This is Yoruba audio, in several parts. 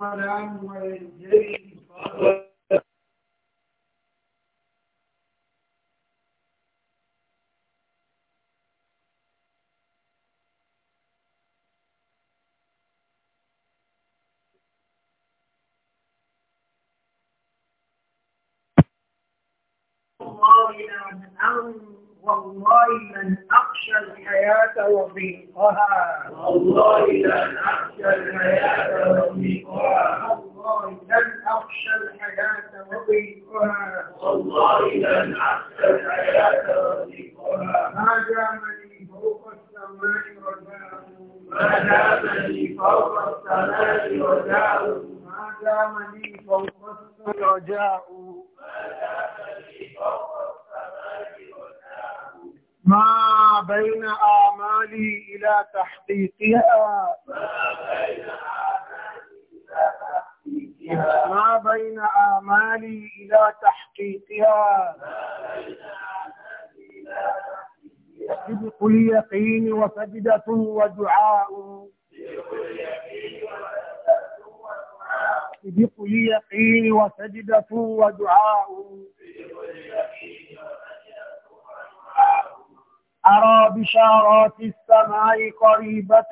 عن والديه الله عن والله لن أخشى الحياة وضيقها والله لن أخشى الحياة وضيقها والله لن أخشى الحياة وضيقها والله لن أخشى الحياة وضيقها ما دام لي فوق السماء رجاء ما دام لي فوق السماء رجاء ما دام لي فوق السماء رجاء ما دام لي فوق ما بين آمالي إلى تحقيقها ما بين آمالي إلى تحقيقها صدق اليقين وسجدة ودعاء صدق اليقين وسجدة ودعاء أرى بشارات السماء قريبة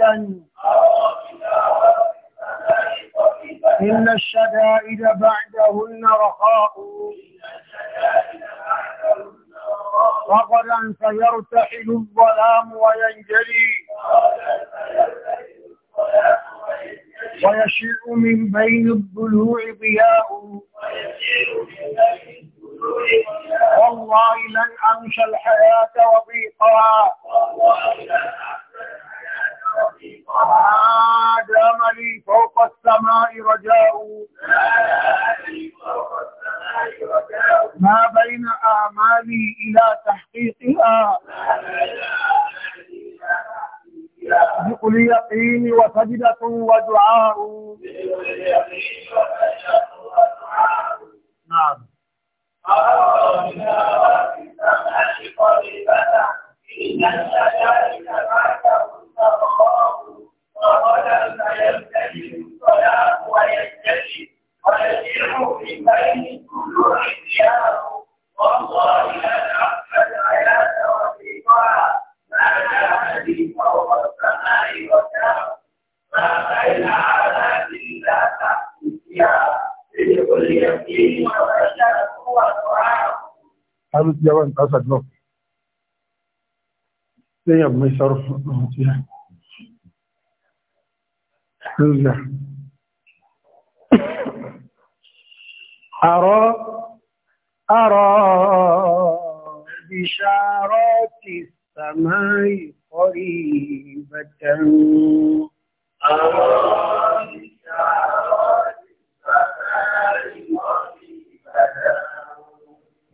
إن الشدائد بعدهن رخاء وغدا سيرتحل الظلام وينجلي ويشع من بين الضلوع ضياء والله لن أمشى الحياة وضيقها ما دام فوق السماء رجاء ما بين آمالي إلى تحقيقها بقل يقين وسجدة ودعاء káṣà náà lẹ́yìn ọgbọ́n ìṣòro ọ̀hún ti hàn lórílẹ̀ àrọ́ àrọ́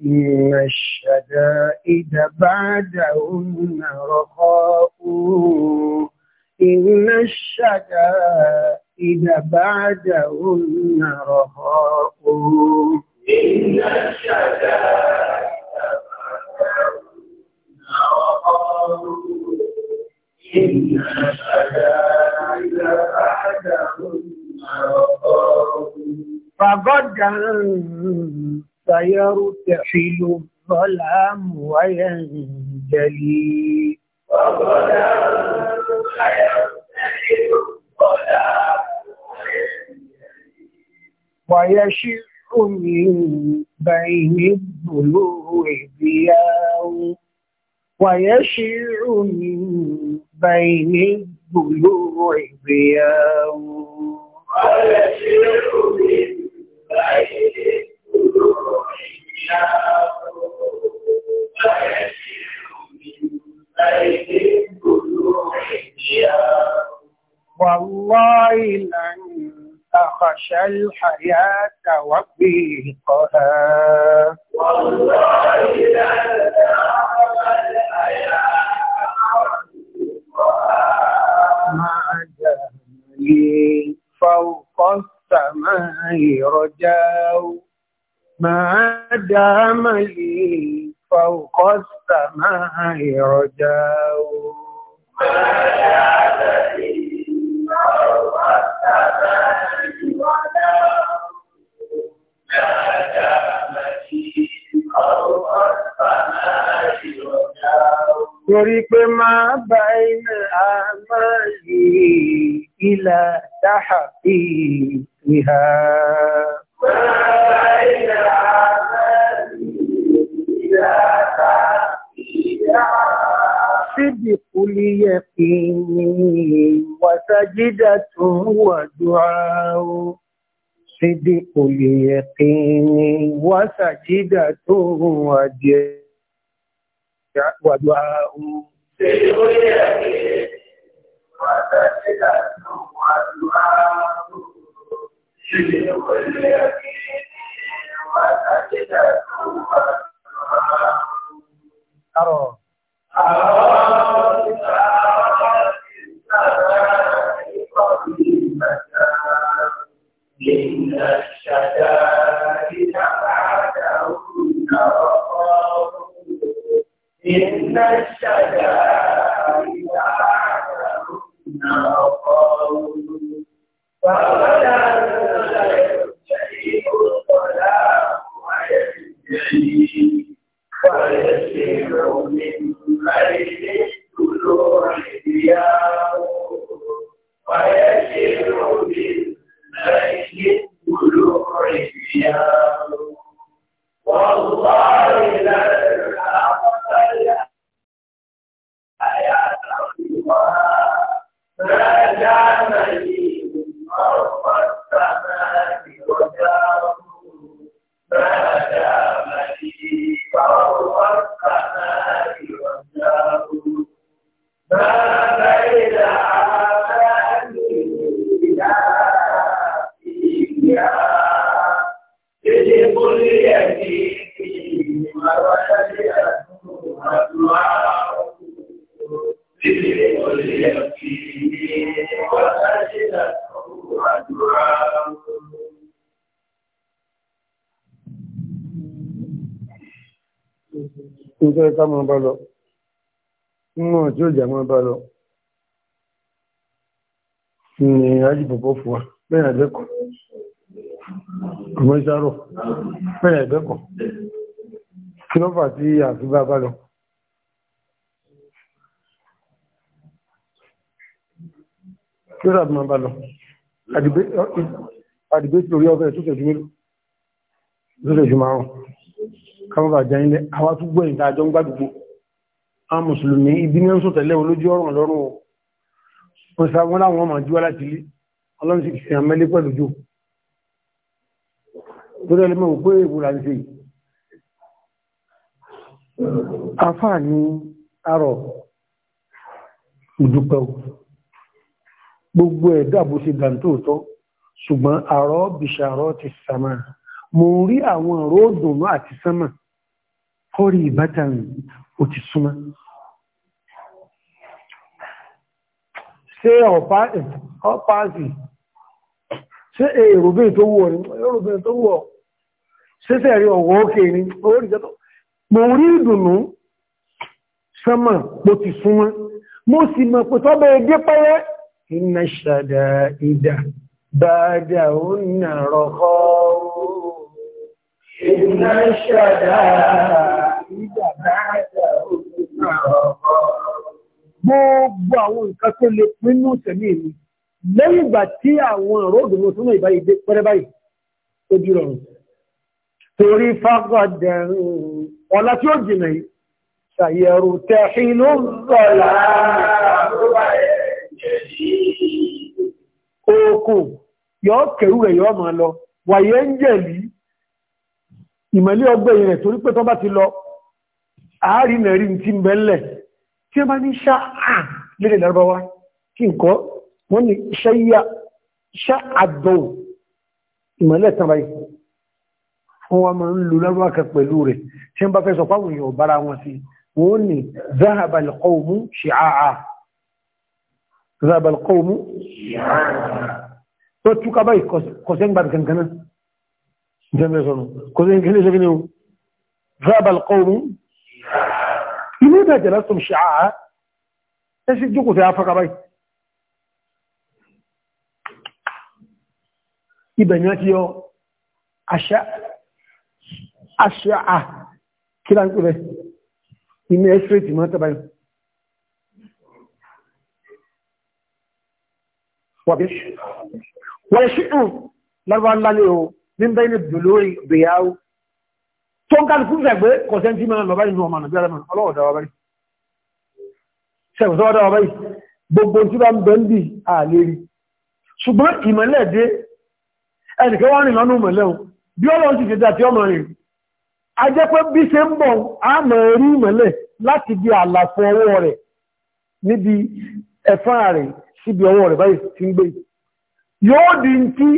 إن الشدائد بعدهن رخاء إن الشدائد بعدهن رخاء إن الشدائد بعدهن رخاء إن الشدائد بعدهن رخاء فغدا فيرتحل الظلام وينجلي ويشع من بين الضلوع ضياء ويشع من بين الضلوع ضياء ويشع من بين والله لن تخشى الحياة وبيقها والله ما دام لي فوق السماء رجاء ما دام لي فوق السماء رجاء ما دام لي فوق السماء رجاء torí pé bá iná ilà táhà bíi ìhà. اليقين وسجدة ودعاء صدق اليقين وسجدة ودعاء صدق اليقين وسجدة ودعاء صدق اليقين tó yẹ ká máa bá lọ nínú tí òjà máa bá lọ ní ajì pọ̀pọ̀ fún wa bẹ́ẹ̀ àgbẹ́kọ̀ ọmọ ìṣàrọ̀ bẹ́ẹ̀ àgbẹ́kọ̀ kí ló fà tí àfi bá lọ kí ó dàbí máa bá lọ àdìgbé tí ọbẹ̀ tó tẹ̀jú tó tẹ̀jú kábàbà jẹ́ ilẹ̀ àwọn tó gbọ́ ìta àjọ ń gbàdùgbò àwọn mùsùlùmí ibi ní ń sọ tẹ̀lé wọn lójú ọ̀rùn lọ́rùn wọn sá wọn láwọn ọmọ àjúwá láti lé ọlọ́run sì fi àmẹ́lé pẹ̀lú jò torí ẹlẹ́mọ̀ wò pé èwo là ń ṣe afá ní arọ̀ ìdúpẹ́ gbogbo ẹ̀dá bó ṣe dàntóòtọ́ ṣùgbọ́n àrọ́ bìṣàrọ́ ti sàmà mo rí àwọn ròdùnú àti sánmà kórì ìbátan ò ti súnmọ́ ṣé ọ̀páàsì ṣé èròbìn tó wọ̀ ní èròbìn tó wọ̀ ṣẹ́sẹ̀ rí ọ̀wọ̀ òkè ní orí ìjọ́tọ̀ mo rí ìdùnnú sánmà mo ti súnmọ́ mo sì mọ̀ pé tọ́bẹ̀ èdè pẹ́yẹ́ iná ṣàdá ìdà bàdà ó nà rọ̀kọ́ iná ṣàdá Gbogbo àwọn nǹkan tó lè pínú ìṣẹ̀mí èmi. Lẹ́yìn ìgbà tí àwọn ọ̀rọ̀ òdòdó súnmọ́ ìbáyé dé pẹ́rẹ́ báyìí, ó di rọrùn. Torí fágọ̀dẹ̀rùn ọ̀la tí ó jìnà yìí, ṣàyẹ̀rù tẹ̀hìnú rọ̀lá. ń jẹ̀lí, àárí mẹ́rí ti ń bẹ́lẹ̀ tí ó bá ní ṣáà lédè lárúbáwá kí nǹkọ́ wọ́n ní ṣáyà ṣáàdọ̀wò ìmọ̀lẹ̀ tán báyìí wọ́n wá máa ń lo lárúbáwá kan pẹ̀lú rẹ̀ tí wọ́n bá fẹ́ sọ páwọn èèyàn bára wọn sí wọ́n ilé ìdá jalastum shi'a ẹ sì jókòó sí afọ́ka báyìí ibẹ̀ ni wọ́n ti yọ aṣáà kí lá ń pè rẹ̀ inú ẹ́sìrìtì mọ́ tàbí wọ́n ṣíkùn lọ́gbọ́n lálẹ́ o nígbẹ́ ní dùlórí bèyàwó tó ń kálukú fẹ̀gbé kò sẹ́ tí mẹ́rin lọ́bá inú ọmọ nàbí alẹ́mọ̀ ọlọ́wọ̀dáwà báyìí gbogbo tí bá ń bẹ̀ ń bì àlérí ṣùgbọ́n ìmọ̀lẹ̀ dé ẹnìkẹ́ wọ́n rìn lọ́nà ìmọ̀lẹ̀ bí ọlọ́run ti fẹ́ta tí ọmọ rìn a jẹ́ di àlàfo ọwọ́ rẹ̀ níbi ẹ̀fà rẹ̀ síbi ọwọ́ rẹ̀ báyìí ti ń gbé yóò di ti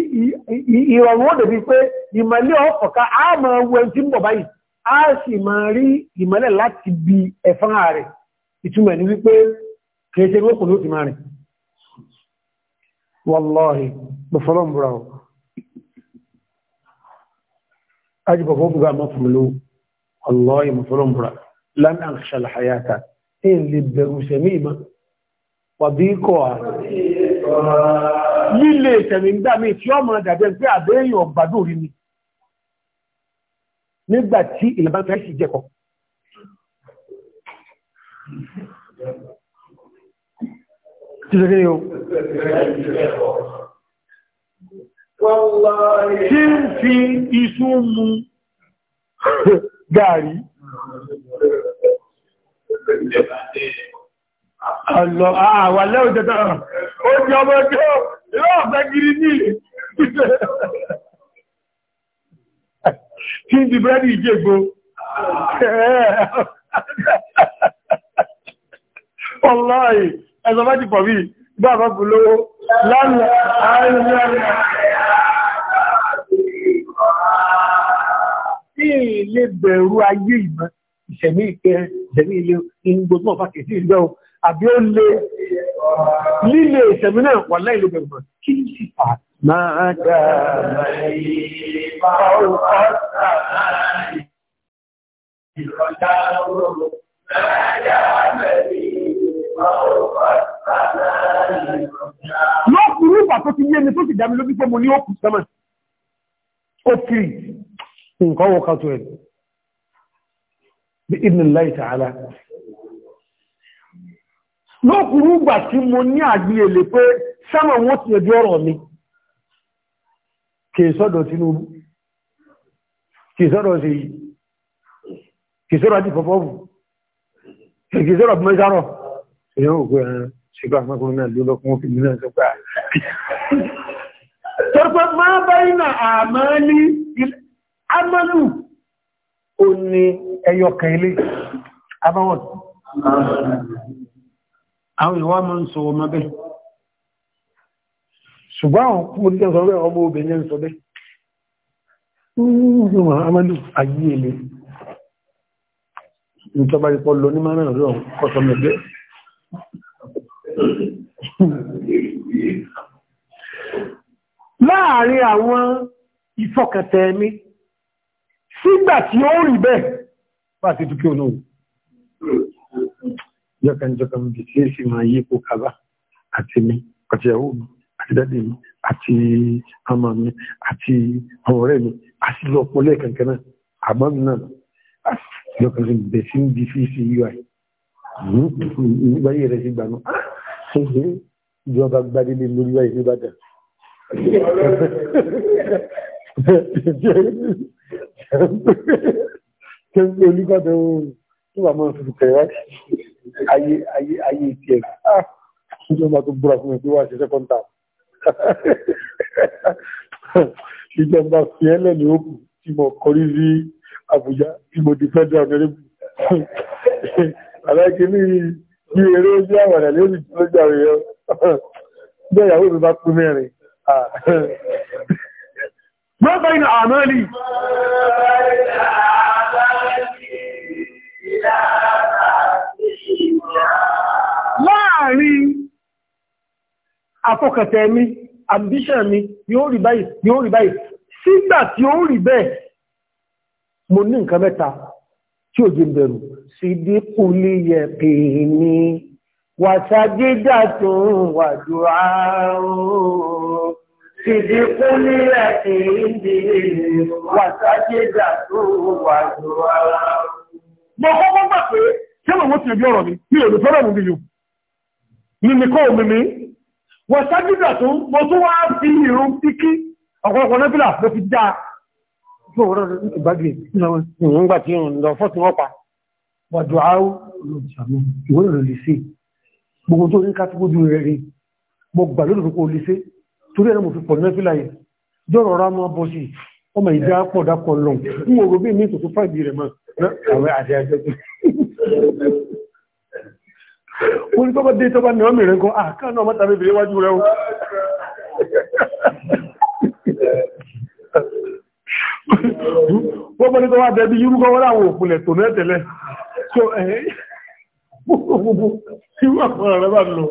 ìrọ̀rùn ó bí pé ìmọ̀lẹ́ ọ̀pọ̀ká a máa wo ẹni tí ń bọ̀ báyìí a sì máa rí ìmọ̀lẹ̀ láti bi ẹ̀fán rẹ̀ ìtumọ̀ ní wípé kìí ṣe gbókùn ló ti máa rìn wallahi gbọ́fọ́lọ́ mbúra ọ̀ ajibọ̀fọ́ gbogbo àmọ́ fún ló wallahi gbọ́fọ́lọ́ mbúra lan akhsha lílé ìtẹ̀mí ń tí ọmọ dàbẹ́ pé àbẹ́yìn ọ̀gbàdò rí ni nígbà tí ìlànà fẹ́ sì jẹ́kọ. Títọ́kẹ́ yóò. Tí ń fi iṣu mu gàrí. Ọ̀lọ̀ àwà lẹ́wọ̀ jẹta ọ̀rọ̀. Ó jẹ ọmọ ọjọ́, yóò fẹ́ gírí ní ilé. Kí n di búrẹ́dì ìjègbò? Ọláì, ẹ̀sọ́ bá ti pọ̀ bí gbàbọ̀ kù lówó lánàá àárín lánàá. Tí ilé bẹ̀rù ayé ìmọ̀ ìṣẹ̀mí ìkẹ́ ìṣẹ̀mí ilé ìgbòmí ọ̀fà kìí ìgbẹ́ o àbí ó lè lílé ìṣẹ̀mí náà wà láìlú bẹ̀rù kí ní sì pàtàkì ما دام لي فوق السماء خلاله ما دام لي فوق السماء lọ́kùnrin ìgbà tó ti yé ni tó ti dámi lójú pé mo ní òkú sẹ́mà ó kiri nǹkan wọ́n ká tó ẹ̀ bí ìdìnnà láì tààlà lọ́kùnrin ìgbà tí mo ní àgbìyànlẹ̀ pé sẹ́mà wọ́n ti ẹjọ́ ọ̀rọ̀ mi kì í sọ́dọ̀ Tinubu kì í sọ́dọ̀ sí kì í sọ́dọ̀ àti fọ́fọ́bù kì í sọ́dọ̀ mẹ́sàrọ̀ èyàn òkú ẹran ah, ṣígbà mọ́kùnrin náà ló lọ́kùn òfin náà tó gbà ah. tọ́pọ̀ máa báyìí na àmàlí amálù ò ní ẹyọ kan ilé abáwọ̀n àwọn ìwà máa ń sọ ọmọ bẹ́ẹ̀ ṣùgbọ́n àwọn mo ti sọ bẹ́ẹ̀ ọmọ obìnrin ń sọ bẹ́ẹ̀ ṣùgbọ́n amadu ayé ele ìjọba ìpọ̀ lọ ní mara rẹ̀ ọ̀sọ̀ mẹ́gbẹ́ láàárín àwọn ìfọkàtẹ̀ mi sígbà tí ó rí bẹ́ẹ̀ bá ti dúkẹ́ olóhùn jọ́kanjọ́kan bí tí èsì máa yípo kaba àti mi ọ̀tẹ̀ ẹ̀wọ̀n àti dádì mi àti ọmọ mi àti ọmọ ọ̀rẹ́ mi àti lọ pọ̀ lẹ́ẹ̀kẹ̀kẹ́ náà àmọ́ mi náà lọ́kàn sí bẹ̀ sí di fi sí ui nígbà yìí hmm? rẹ̀ sí gbà náà ìjọba gbadélé lórí wáyé nìbàdàn kẹ́ńpé olúgbàdàn tó wà máa fi kẹ̀rẹ̀ wá ayé ayé ayé tiẹ̀ ìjọba ah! tó búra fún mi pé wá ṣe sẹ́kọ̀ntà ìjọba fi ẹlẹ́ni ó kù tí mo kọrí sí Àbújá tí mo di federal mẹ́rẹ́bù aláìkíní bí eré ojú àwàdà lórí lójú àwọn èèyàn bẹ́ẹ̀ ìyàwó mi bá kú mẹ́rin. wọ́n bá iná àmọ́ lì afọ́kàtẹ̀ mi ambition mi yóò rí báyìí yóò rí báyìí sígbà tí ó rí bẹ́ẹ̀ mo ní nǹkan mẹ́ta tí ò jẹ́ bẹ̀rù sí dínkù lè yẹ pé ní wàṣàgídà tó ń wàdúrà ooo Ìdíkú ní ẹ̀sìn ìdí wàtàjẹ́jà tó wà lọ́wọ́. Mo kọ́kọ́ gbà pé, ṣé mọ̀ wọ́n ti ẹbí ọ̀rọ̀ mi, mi ò lè fẹ́rẹ̀ mú bí yóò. Mímí kọ́ òmìnir wọ́n sájúdà tó mo tó wá fi ìrún kíkí ọ̀pọ̀lọpọ̀ nọ́bílà ló fi já ìgbàgbé tí wọ́n lọ fọ́ tí wọ́n pa wàdù áwú ìwọ́n lọ lè ṣe gbogbo tó ní kátíkójú rẹ̀ rí mo gbà lórí kò lè ṣe torí ẹ̀rọ mo fi pọ̀ wọ́n ní tọ́bá dé tọ́bá ní ọmọ ìrìn kan àkà ah, náà mọ́ta bèbè wájú rẹ̀ wọ́n mọ́ ní tọ́wá bẹ̀bí yúrúkọ wọ́n láwọn òpùlẹ̀ tó náà tẹ̀lẹ̀ so ẹ̀ gbogbo irú àwọn ọ̀rẹ́ bá lọ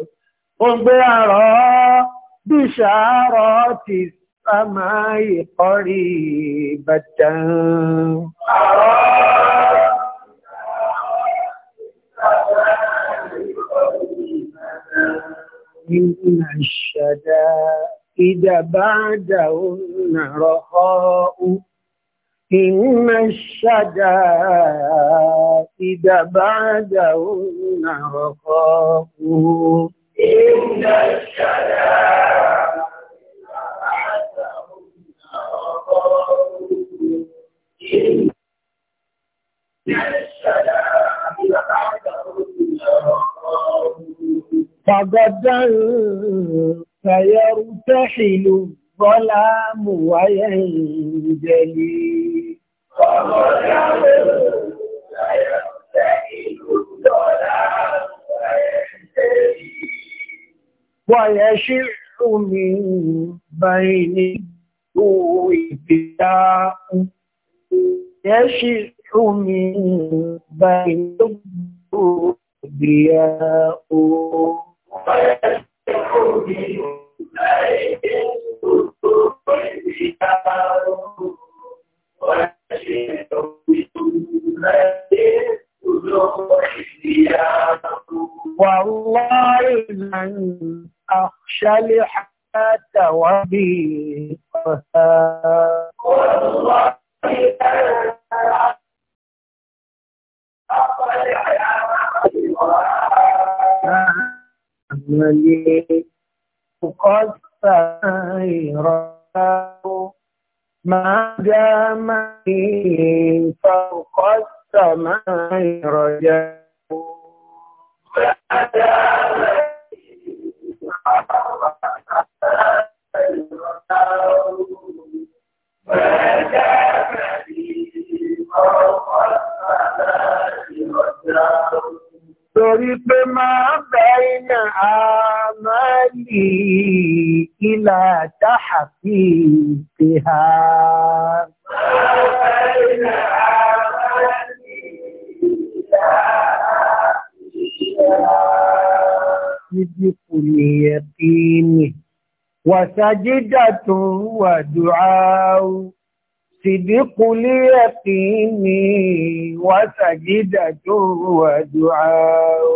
ó ń gbé àrọ́ bí ìṣàárọ̀ ti sàmáyé kọrí ìbàdàn àrọ́ إن الشدائد بعدهن رخاء إن الشدائد بعدهن رخاء إن الشدائد بعدهن رخاء إن الشدائد بعدهن رخاء فغدا سيرتحل الظلام وينجلي فغدا سيرتحل الظلام وينجلي ويشع من بين الضوء يشع من بين الضوء والله من أخشى لحياة وبي المليء قد سيره ما دام فيه فوق السماء رجاء ما دام فيه عملي إلى تحقيقها صدق اليقين وسجدة ودعاء صدق اليقين وسجدة ودعاء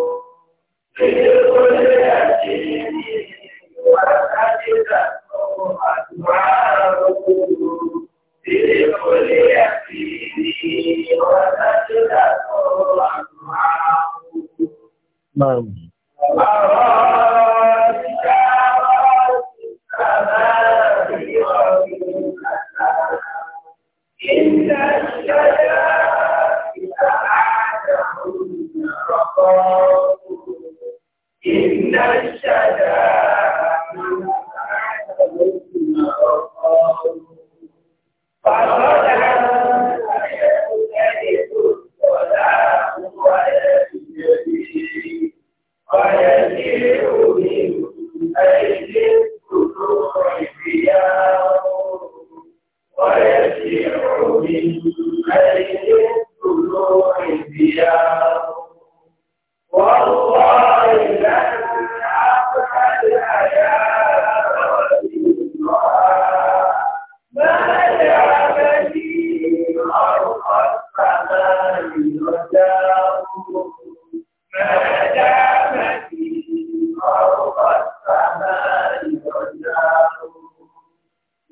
那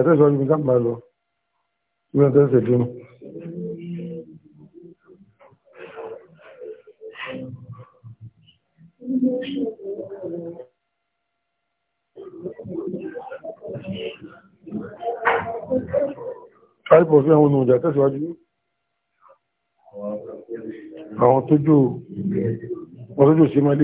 ìjà tẹ́sọ̀ ibi ká máa lọ ní ọjọ́ ìṣẹ́ dínú. Àìpọ̀ sí àwọn olùjà tẹ́síwájú. Àwọn tójú, wọ́n tójú sí máa